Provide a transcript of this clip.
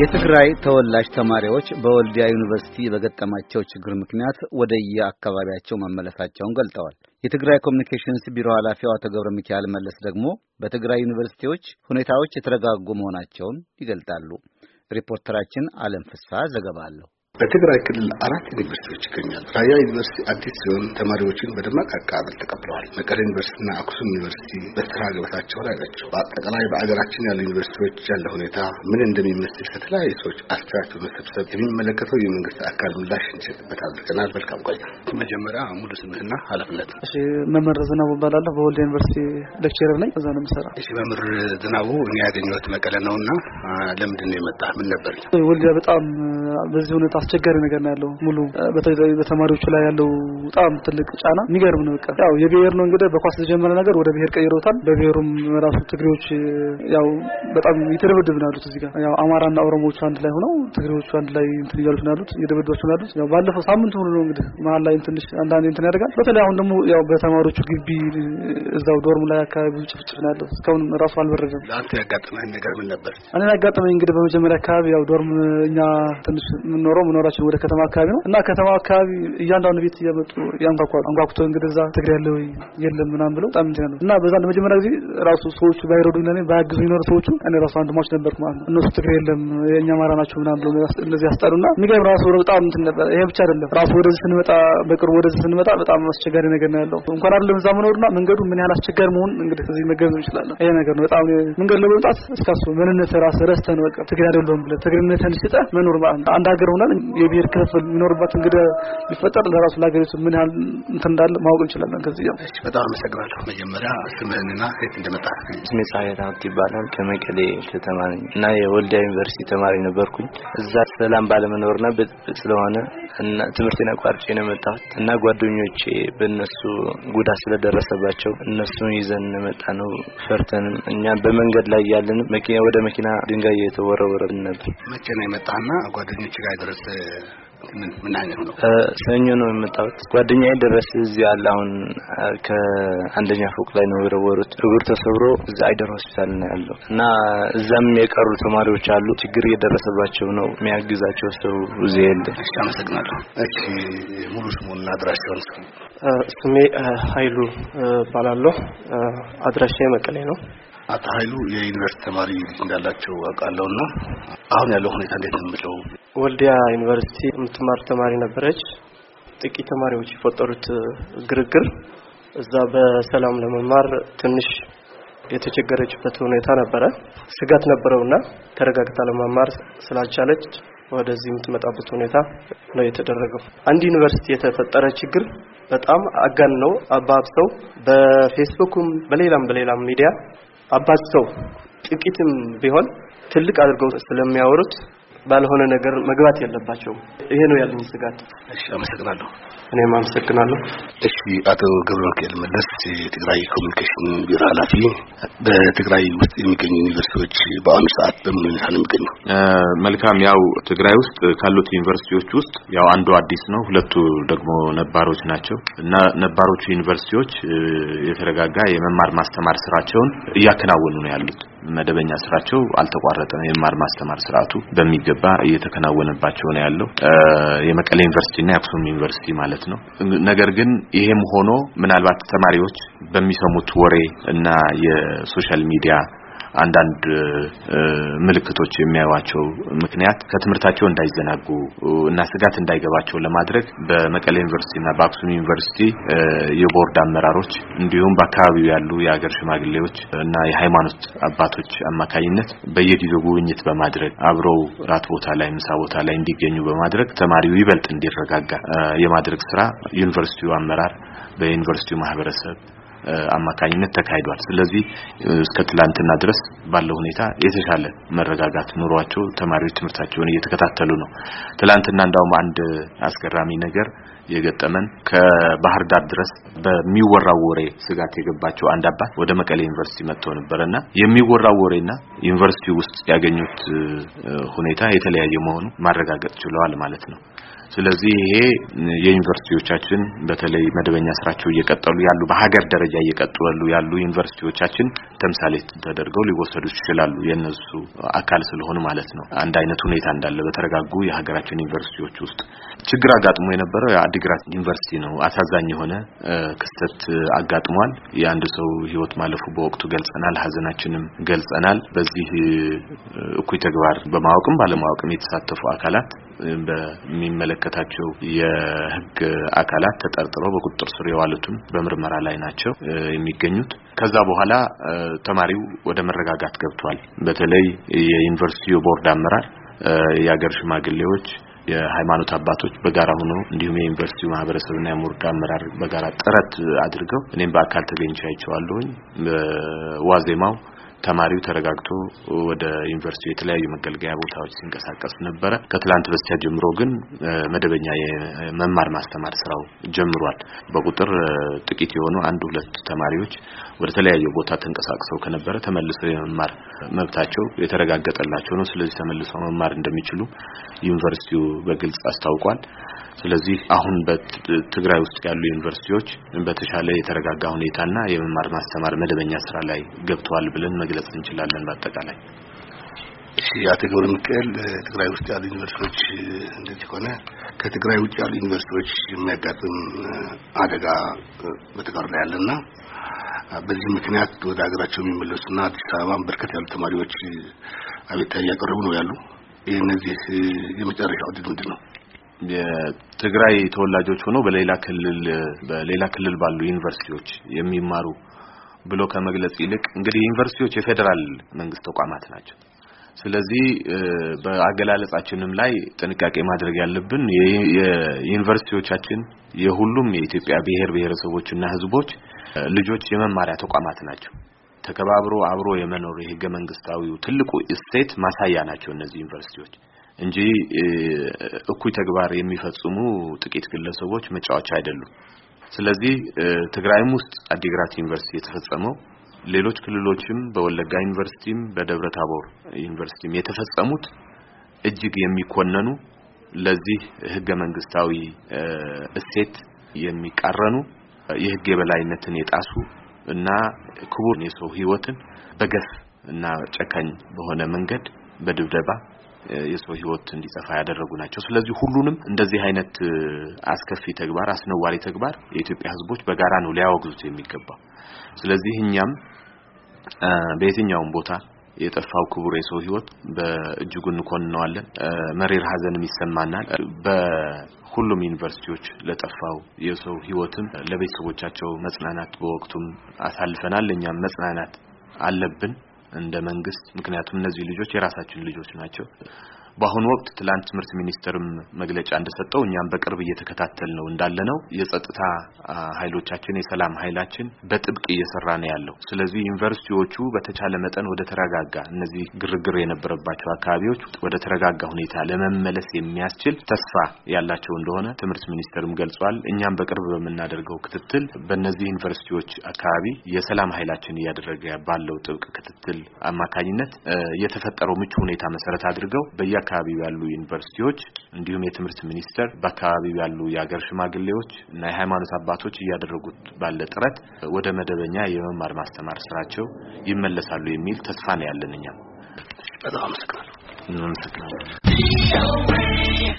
የትግራይ ተወላጅ ተማሪዎች በወልዲያ ዩኒቨርሲቲ በገጠማቸው ችግር ምክንያት ወደ የአካባቢያቸው መመለሳቸውን ገልጠዋል። የትግራይ ኮሚኒኬሽንስ ቢሮ ኃላፊው አቶ ገብረ ሚካኤል መለስ ደግሞ በትግራይ ዩኒቨርሲቲዎች ሁኔታዎች የተረጋጉ መሆናቸውን ይገልጣሉ። ሪፖርተራችን አለም ፍስሐ ዘገባ አለው። በትግራይ ክልል አራት ዩኒቨርሲቲዎች ይገኛሉ። ራያ ዩኒቨርሲቲ አዲስ ሲሆን ተማሪዎችን በደማቅ አቀባበል ተቀብለዋል። መቀለ ዩኒቨርሲቲና አክሱም ዩኒቨርሲቲ በስራ ገበታቸው ላይ ናቸው። በአጠቃላይ በአገራችን ያሉ ዩኒቨርሲቲዎች ያለ ሁኔታ ምን እንደሚመስል ከተለያዩ ሰዎች አስተያየት በመሰብሰብ የሚመለከተው የመንግስት አካል ምላሽ እንሰጥበት አድርገናል። መልካም ቆይታ። መጀመሪያ ሙሉ ስምህና ኃላፊነት? እሺ፣ መምህር ዝናቡ እባላለሁ። በወልድ ዩኒቨርሲቲ ሌክቸረር ነኝ። እዛ ነው የምሰራ። እሺ፣ መምህር ዝናቡ እኔ ያገኘሁት መቀለ ነው እና ለምንድን ነው ምን ነበር ወልዲያ በጣም በዚህ ሁኔታ አስቸጋሪ ነገር ነው ያለው። ሙሉ በተማሪዎቹ ላይ ያለው በጣም ትልቅ ጫና የሚገርም ነው። በቃ ያው የብሔር ነው እንግዲህ በኳስ የተጀመረ ነገር ወደ ብሔር ቀይሮታል። በብሔሩም ራሱ ትግሬዎች ያው በጣም የተደበደብ ነው ያሉት እዚህ ጋር ያው አማራና ኦሮሞዎቹ አንድ ላይ ሆነው ትግሬዎቹ አንድ ላይ እንትን እያሉት ነው ያሉት፣ እየደበደቡ ነው ያሉት። ያው ባለፈው ሳምንት ሆኖ ነው እንግዲህ መሀል ላይ ትንሽ አንዳንድ እንትን ያደርጋል። በተለይ አሁን ደግሞ ያው በተማሪዎቹ ግቢ እዛው ዶርም ላይ አካባቢ ብዙ ጭፍጭፍ ነው ያለው። እስካሁን ራሱ አልበረደም። ለአንተ ያጋጠመህ ነገር ምን ነበር? እኔ ያጋጠመኝ እንግዲህ በመጀመሪያ አካባቢ ያው ዶርም እኛ ትንሽ የምንኖረው መኖራችን ወደ ከተማ አካባቢ ነው እና ከተማ አካባቢ እያንዳንዱ ቤት እያመጡ አንኳኩቶ እንግዲህ እዛ ትግሬ ያለ ወይ የለም ምናምን ብለው በጣም እንትን ያለው እና በዛ ለመጀመሪያ ጊዜ ራሱ ሰዎቹ ባይረዱኝ ለኔ ባያግዙ ይኖር ሰዎቹ እኔ ራሱ አንድ አንድማዎች ነበርኩ ማለት ነው። እነሱ ትግሬ የለም የእኛ አማራ ናቸው ምናምን ብለው እነዚህ ያስጠሉና የሚገርም ራሱ በጣም እንትን ነበር። ይሄ ብቻ አይደለም ራሱ ወደዚህ ስንመጣ በቅርቡ ወደዚህ ስንመጣ በጣም አስቸጋሪ ነገር ነው ያለው። እንኳን አይደለም እዛ መኖርና መንገዱ ምን ያህል አስቸጋሪ መሆን እንግዲህ እዚህ መገንዘብ እንችላለን። ይሄ ነገር ነው በጣም መንገድ ለመምጣት እስካስቡ ምንነት ራስ ረስተን በቃ ትግሬ አይደለም ብለህ ትግሬነትን ስጠህ መኖር ማለት ነው። አንድ ሀገር ሆነን የብሔር ክፍፍል የሚኖርባት እንግዲህ ሊፈጠር ለራሱ ለሀገሪቱ ምን ያህል እንትን እንዳለ ማወቅ እንችላለን። ከዚህ ያው በጣም አመሰግናለሁ። መጀመሪያ ስምህንና ሴት እንደመጣ። ስሜ ፀሐይ ሀብት ይባላል። ከመቀሌ ከተማ ነኝ እና የወልዲያ ዩኒቨርሲቲ ተማሪ ነበርኩኝ። እዛ ሰላም ባለመኖርና ብጥብጥ ስለሆነ እና ትምህርቴን አቋርጬ ነው የመጣሁት እና ጓደኞቼ በእነሱ ጉዳት ስለደረሰባቸው እነሱን ይዘን እንመጣ ነው። ፈርተንም እኛ በመንገድ ላይ ያለን መኪና ወደ መኪና ድንጋይ የተወረወረብን ነበር። መቼ ነው የመጣና ጓደኞች ጋር ድረስ ሰኞ ነው የመጣሁት። ጓደኛዬ ደረስ እዚህ አለ። አሁን ከአንደኛ ፎቅ ላይ ነው የወረወሩት። እግር ተሰብሮ እዛ አይደር ሆስፒታል ነው ያለው እና እዛም የቀሩ ተማሪዎች አሉ። ችግር እየደረሰባቸው ነው። የሚያግዛቸው ሰው እዚህ የለ። አመሰግናለሁ። ሙሉ ስሙና አድራሻውን ስሜ ኃይሉ እባላለሁ። አድራሻ መቀሌ ነው። አቶ ኃይሉ የዩኒቨርሲቲ ተማሪ እንዳላቸው አውቃለሁና አሁን ያለው ሁኔታ እንዴት ነው የምለው ወልዲያ ዩኒቨርሲቲ የምትማር ተማሪ ነበረች። ጥቂት ተማሪዎች የፈጠሩት ግርግር እዛ በሰላም ለመማር ትንሽ የተቸገረችበት ሁኔታ ነበረ። ስጋት ነበረውና ተረጋግታ ለመማር ስላልቻለች ወደዚህ የምትመጣበት ሁኔታ ነው የተደረገው። አንድ ዩኒቨርሲቲ የተፈጠረ ችግር በጣም አጋን ነው አባብሰው በፌስቡክም በሌላም በሌላም ሚዲያ አባብሰው ጥቂትም ቢሆን ትልቅ አድርገው ስለሚያወሩት ባልሆነ ነገር መግባት የለባቸውም። ይሄ ነው ያለኝ ስጋት። እሺ፣ አመሰግናለሁ። እኔም አመሰግናለሁ። እሺ፣ አቶ ገብረ ሚካኤል መለስ የትግራይ ኮሚኒኬሽን ቢሮ ኃላፊ፣ በትግራይ ውስጥ የሚገኙ ዩኒቨርሲቲዎች በአሁኑ ሰዓት በምን ሁኔታ ነው የሚገኙ? መልካም። ያው ትግራይ ውስጥ ካሉት ዩኒቨርሲቲዎች ውስጥ ያው አንዱ አዲስ ነው፣ ሁለቱ ደግሞ ነባሮች ናቸው እና ነባሮቹ ዩኒቨርሲቲዎች የተረጋጋ የመማር ማስተማር ስራቸውን እያከናወኑ ነው ያሉት። መደበኛ ስራቸው ነው የመማር ማስተማር ስርዓቱ በሚገባ በሚገባ እየተከናወነባቸው ነው ያለው የመቀሌ ዩኒቨርሲቲና የአክሱም ዩኒቨርሲቲ ማለት ነው። ነገር ግን ይሄም ሆኖ ምናልባት ተማሪዎች በሚሰሙት ወሬ እና የሶሻል ሚዲያ አንዳንድ ምልክቶች የሚያዋቸው ምክንያት ከትምህርታቸው እንዳይዘናጉ እና ስጋት እንዳይገባቸው ለማድረግ በመቀሌ ዩኒቨርሲቲ እና በአክሱም ዩኒቨርሲቲ የቦርድ አመራሮች እንዲሁም በአካባቢው ያሉ የሀገር ሽማግሌዎች እና የሃይማኖት አባቶች አማካኝነት በየጊዜው ጉብኝት በማድረግ አብረው ራት ቦታ ላይ፣ ምሳ ቦታ ላይ እንዲገኙ በማድረግ ተማሪው ይበልጥ እንዲረጋጋ የማድረግ ስራ ዩኒቨርሲቲው አመራር በዩኒቨርሲቲው ማህበረሰብ አማካኝነት ተካሂዷል። ስለዚህ እስከ ትላንትና ድረስ ባለው ሁኔታ የተሻለ መረጋጋት ኑሯቸው ተማሪዎች ትምህርታቸውን እየተከታተሉ ነው። ትላንትና እንዳውም አንድ አስገራሚ ነገር የገጠመን ከባህር ዳር ድረስ በሚወራው ወሬ ስጋት የገባቸው አንድ አባት ወደ መቀሌ ዩኒቨርሲቲ መጥተው ነበርና የሚወራው ወሬና ዩኒቨርሲቲ ውስጥ ያገኙት ሁኔታ የተለያየ መሆኑ ማረጋገጥ ችለዋል ማለት ነው። ስለዚህ ይሄ የዩኒቨርሲቲዎቻችን በተለይ መደበኛ ስራቸው እየቀጠሉ ያሉ በሀገር ደረጃ እየቀጠሉ ያሉ ዩኒቨርሲቲዎቻችን ተምሳሌ ተደርገው ሊወሰዱ ይችላሉ። የነሱ አካል ስለሆኑ ማለት ነው። አንድ አይነት ሁኔታ እንዳለ በተረጋጉ የሀገራችን ዩኒቨርሲቲዎች ውስጥ ችግር አጋጥሞ የነበረው የአዲግራት ዩኒቨርሲቲ ነው። አሳዛኝ የሆነ ክስተት አጋጥሟል። የአንድ ሰው ህይወት ማለፉ በወቅቱ ገልጸናል፣ ሀዘናችንም ገልጸናል። በዚህ እኩይ ተግባር በማወቅም ባለማወቅም የተሳተፉ አካላት በሚመለ የሚመለከታቸው የህግ አካላት ተጠርጥረው በቁጥጥር ስር የዋሉትም በምርመራ ላይ ናቸው የሚገኙት። ከዛ በኋላ ተማሪው ወደ መረጋጋት ገብቷል። በተለይ የዩኒቨርሲቲው ቦርድ አመራር፣ የሀገር ሽማግሌዎች፣ የሃይማኖት አባቶች በጋራ ሆኖ እንዲሁም የዩኒቨርሲቲው ማህበረሰብና የቦርድ አመራር በጋራ ጥረት አድርገው እኔም በአካል ተገኝቼ አይቼዋለሁኝ። ዋዜማው ተማሪው ተረጋግቶ ወደ ዩኒቨርሲቲ የተለያዩ መገልገያ ቦታዎች ሲንቀሳቀስ ነበረ። ከትላንት በስቲያ ጀምሮ ግን መደበኛ የመማር ማስተማር ስራው ጀምሯል። በቁጥር ጥቂት የሆኑ አንድ ሁለት ተማሪዎች ወደ ተለያዩ ቦታ ተንቀሳቅሰው ከነበረ ተመልሰው የመማር መብታቸው የተረጋገጠላቸው ነው። ስለዚህ ተመልሰው መማር እንደሚችሉ ዩኒቨርሲቲው በግልጽ አስታውቋል። ስለዚህ አሁን በትግራይ ውስጥ ያሉ ዩኒቨርሲቲዎች በተሻለ የተረጋጋ ሁኔታና የመማር ማስተማር መደበኛ ስራ ላይ ገብተዋል ብለን መግለጽ እንችላለን። በአጠቃላይ እሺ፣ አቶ ገብረ ሚካኤል ትግራይ ውስጥ ያሉ ዩኒቨርሲቲዎች እንደዚህ ከሆነ ከትግራይ ውጭ ያሉ ዩኒቨርሲቲዎች የሚያጋጥም አደጋ በተጋሩ ላይ ያለና በዚህ ምክንያት ወደ ሀገራቸው የሚመለሱና አዲስ አበባን በርከት ያሉ ተማሪዎች አቤት እያቀረቡ ነው ያሉ። እነዚህ የመጨረሻው ዕድል ምንድን ነው? የትግራይ ተወላጆች ሆነው በሌላ ክልል በሌላ ክልል ባሉ ዩኒቨርሲቲዎች የሚማሩ ብሎ ከመግለጽ ይልቅ እንግዲህ ዩኒቨርሲቲዎች የፌዴራል መንግስት ተቋማት ናቸው። ስለዚህ በአገላለጻችንም ላይ ጥንቃቄ ማድረግ ያለብን የዩኒቨርሲቲዎቻችን የሁሉም የኢትዮጵያ ብሔር ብሔረሰቦችና ሕዝቦች ልጆች የመማሪያ ተቋማት ናቸው። ተከባብሮ አብሮ የመኖር የህገ መንግስታዊው ትልቁ እሴት ማሳያ ናቸው እነዚህ ዩኒቨርሲቲዎች እንጂ እኩይ ተግባር የሚፈጽሙ ጥቂት ግለሰቦች መጫወቻ አይደሉም። ስለዚህ ትግራይም ውስጥ አዲግራት ዩኒቨርሲቲ የተፈጸመው ሌሎች ክልሎችም በወለጋ ዩኒቨርሲቲም በደብረ ታቦር ዩኒቨርሲቲም የተፈጸሙት እጅግ የሚኮነኑ ለዚህ ህገ መንግስታዊ እሴት የሚቃረኑ የህግ የበላይነትን የጣሱ እና ክቡር የሰው ህይወትን በገፍ እና ጨከኝ በሆነ መንገድ በድብደባ የሰው ህይወት እንዲጠፋ ያደረጉ ናቸው። ስለዚህ ሁሉንም እንደዚህ አይነት አስከፊ ተግባር፣ አስነዋሪ ተግባር የኢትዮጵያ ህዝቦች በጋራ ነው ሊያወግዙት የሚገባው። ስለዚህ እኛም በየትኛውም ቦታ የጠፋው ክቡር የሰው ህይወት በእጅጉ እንኮንነዋለን። መሪር ሀዘንም ይሰማናል። በሁሉም ዩኒቨርሲቲዎች ለጠፋው የሰው ህይወትም ለቤተሰቦቻቸው መጽናናት በወቅቱም አሳልፈናል። እኛም መጽናናት አለብን። እንደ መንግስት፣ ምክንያቱም እነዚህ ልጆች የራሳችን ልጆች ናቸው። በአሁኑ ወቅት ትላንት ትምህርት ሚኒስቴርም መግለጫ እንደሰጠው እኛም በቅርብ እየተከታተል ነው እንዳለ ነው የጸጥታ ኃይሎቻችን የሰላም ኃይላችን በጥብቅ እየሰራ ነው ያለው። ስለዚህ ዩኒቨርሲቲዎቹ በተቻለ መጠን ወደ ተረጋጋ እነዚህ ግርግር የነበረባቸው አካባቢዎች ወደ ተረጋጋ ሁኔታ ለመመለስ የሚያስችል ተስፋ ያላቸው እንደሆነ ትምህርት ሚኒስቴርም ገልጿል። እኛም በቅርብ በምናደርገው ክትትል በእነዚህ ዩኒቨርሲቲዎች አካባቢ የሰላም ኃይላችን እያደረገ ባለው ጥብቅ ክትትል አማካኝነት የተፈጠረው ምቹ ሁኔታ መሰረት አድርገው በየ በአካባቢው ያሉ ዩኒቨርሲቲዎች እንዲሁም የትምህርት ሚኒስቴር በአካባቢው ያሉ የሀገር ሽማግሌዎች እና የሃይማኖት አባቶች እያደረጉት ባለ ጥረት ወደ መደበኛ የመማር ማስተማር ስራቸው ይመለሳሉ የሚል ተስፋ ነው ያለን። እኛም በጣም አመሰግናለሁ።